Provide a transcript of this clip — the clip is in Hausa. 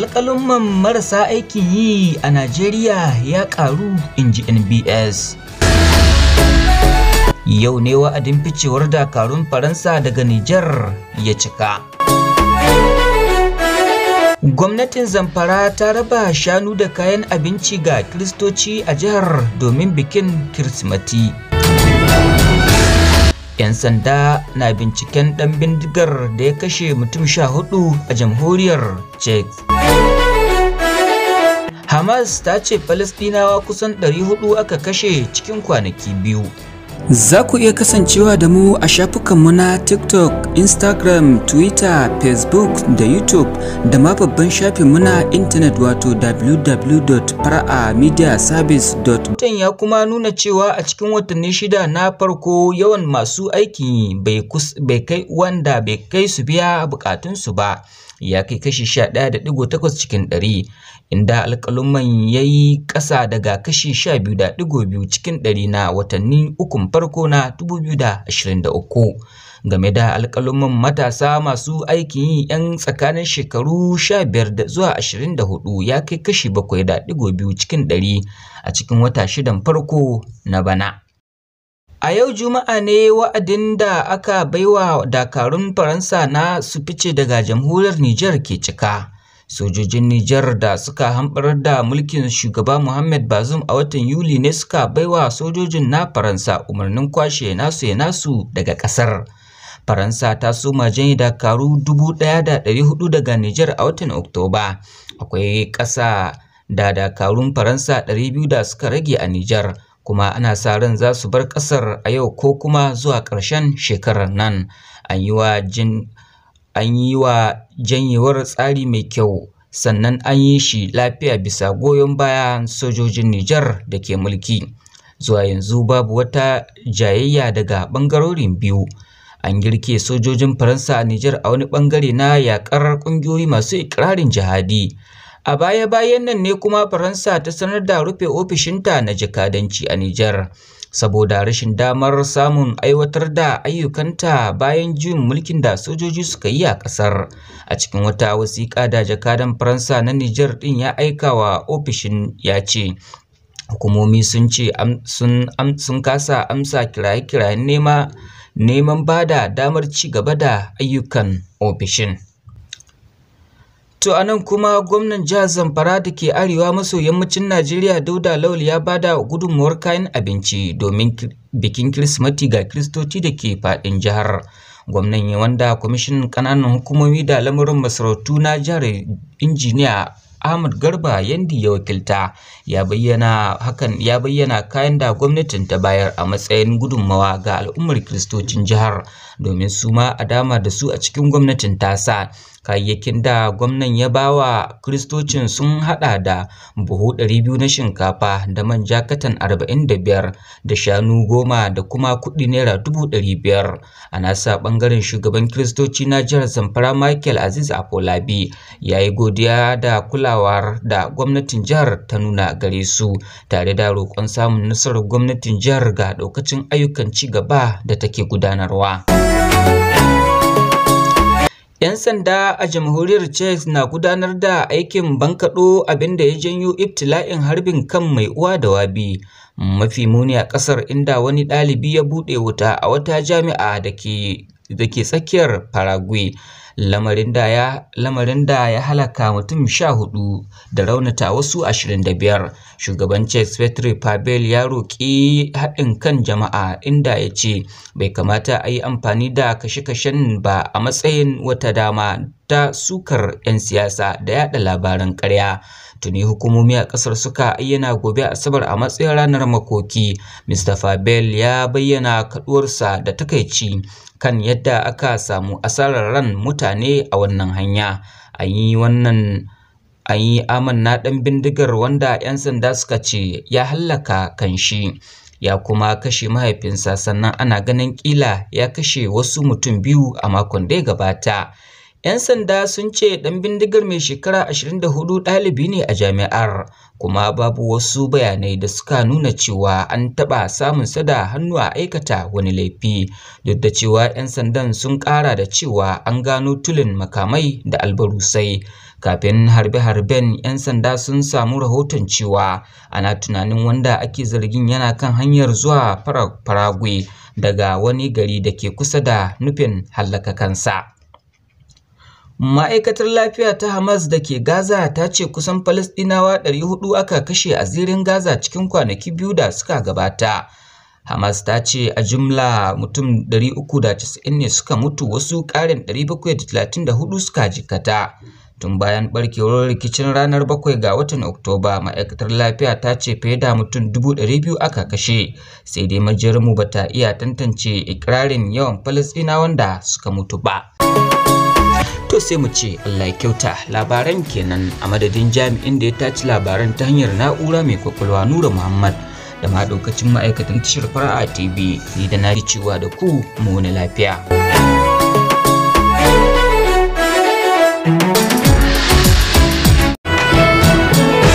man marasa aikin yi a Najeriya ya ƙaru in ji NBS. Yau ne wa'adin ficewar dakarun Faransa daga Nijar ya cika. Gwamnatin Zamfara ta raba shanu da kayan abinci ga Kiristoci a jihar domin bikin Kirsimati. 'Yan sanda na binciken ɗan bindigar da ya kashe mutum sha hudu a jamhuriyar Czech. Hamas ta ce Falastinawa kusan 400 aka kashe cikin kwanaki biyu Za ku iya kasancewa da mu a shafukanmu na TikTok, Instagram, Twitter, Facebook da YouTube da ma babban shafinmu na intanet wato www.fara'amediaservice.com. Mutan ya kuma nuna cewa a cikin watanni shida na farko yawan masu aiki bai kai wanda bai kai su biya bukatunsu ba. ya kai kashi 11.8 cikin ɗari, inda alƙaluman ya yi ƙasa daga kashi 12.2 cikin ɗari na watanni ukun farko na 2023 game da alƙaluman matasa masu aikin yi 'yan tsakanin shekaru 15 zuwa 24 ya kai kashi 7.2 cikin ɗari a cikin wata shidan farko na bana. A yau Juma'a ne wa'adin da aka baiwa dakarun Faransa na su fice daga jamhuriyar Nijar ke cika. Sojojin Nijar da suka hamɓarar da mulkin shugaba Muhammad Bazoum a watan Yuli ne suka baiwa sojojin na Faransa umarnin kwashe nasu ya nasu daga ƙasar. Faransa ta soma janye dakaru dubu da hudu daga Nijar a watan Oktoba. Akwai ƙasa da dakarun Faransa ɗari biyu da suka rage a Nijar. kuma ana sa ran za su bar ƙasar a yau ko kuma zuwa ƙarshen shekarar nan an yi wa janyewar tsari mai kyau sannan an yi shi lafiya bisa goyon bayan sojojin Nijar da ke mulki zuwa yanzu babu wata jayayya daga ɓangarorin biyu an girke sojojin Faransa a Nijar a wani ɓangare na yaƙar ƙungiyoyi masu ikirarin jihadi A baya-bayan nan ne kuma Faransa ta sanar da rufe ofishinta na jakadanci a Nijar saboda rashin damar samun aiwatar da ayyukanta bayan juyin mulkin da sojoji suka yi a ƙasar. A cikin wata wasiƙa da jakadan Faransa na Nijar ɗin ya aika wa ofishin ya ce, hukumomi sun ce sun kasa amsa kiraye-kirayen nema neman bada damar ci gaba da ayyukan ofishin. To a nan kuma gwamnan jihar Zamfara da ke arewa maso yammacin Najeriya Dauda Lawal ya bada gudunmuwar kayan abinci domin bikin Kirsimeti ga Kiristoci da ke faɗin jihar. Gwamnan ya wanda kwamishinan ƙananan hukumomi da Lamarin masarautu na jihar injiniya Ahmad Garba yandi ya wakilta ya bayyana hakan ya bayyana kayan da gwamnatin ta bayar a matsayin gudunmawa ga al'ummar kiristocin jihar domin su ma a dama da su a cikin gwamnatin tasa. Kayayyakin da gwamnan ya bawa wa Kiristocin sun haɗa da buhu 200 na shinkafa da manja jakatan 45 da shanu goma da kuma kuɗi naira dubu biyar, A nasa ɓangaren shugaban Kiristoci na jihar Zamfara Michael Aziz Afolabi ya yi godiya da kulawar da gwamnatin jihar ta nuna gare su tare da roƙon samun nasarar gwamnatin jihar ga ɗaukacin ayyukan ci gaba da take gudanarwa. ‘Yan sanda a jamhuriyar Czech na gudanar da aikin bankaɗo abinda ya janyo ibtila'in harbin kan mai uwa da wabi mafi muni a ƙasar inda wani ɗalibi ya buɗe wuta a wata jami'a da ke tsakiyar Paraguay. lamarin da ya halaka mutum sha hudu da raunata wasu ashirin da biyar shugaban chase petri pavel ya roƙi haɗin kan jama'a inda ya ce bai kamata a yi amfani da kashe-kashen ba a matsayin wata dama ta sukar 'yan siyasa da yaɗa labaran ƙarya tuni hukumomi a kasar suka ayyana gobe asabar a matsayin ranar makoki mr fabel ya bayyana kaduwarsa da takaici kan yadda aka samu asarar ran mutane a wannan hanya an yi wannan an yi amanna ɗan bindigar wanda 'yan sanda suka ce ya hallaka kan shi ya kuma kashe mahaifinsa sannan ana ganin ƙila ya kashe wasu mutum biyu a makon da ya gabata ‘Yan sanda sun ce ɗan bindigar mai shekara 24 ɗalibi ne a jami'ar, kuma babu wasu bayanai da suka nuna cewa an taɓa samunsa da hannu a aikata wani laifi, duk da cewa ‘yan sandan sun ƙara da cewa an gano tulin makamai da albarusai. Kafin harbe-harben, ‘yan sanda sun samu rahoton cewa ana tunanin wanda ake zargin yana kan hanyar zuwa Paraguay daga wani gari da ke kusa da nufin hallaka kansa. Ma'aikatar Lafiya ta Hamas da ke Gaza ta ce kusan Falasɗinawa 400 aka kashe a zirin Gaza cikin kwanaki biyu da suka gabata. Hamas ta ce a jumla mutum 390 ne suka mutu wasu ƙarin 734 suka jikata. Tun bayan ɓarkewar rikicin ranar 7 ga watan Oktoba, ma'aikatar lafiya ta ce fiye da mutum 200 aka kashe, sai dai majiyarmu bata iya tantance ikirarin yawan Falasɗinawan da suka mutu ba. sai mu ce Allah ya kyauta labaran kenan a madadin jami'in da ya tace labaran ta hanyar na'ura mai kwakwalwa Nura Muhammad da ma daukacin ma'aikatan tashar fara'a TV ni da na cewa da ku mu na lafiya.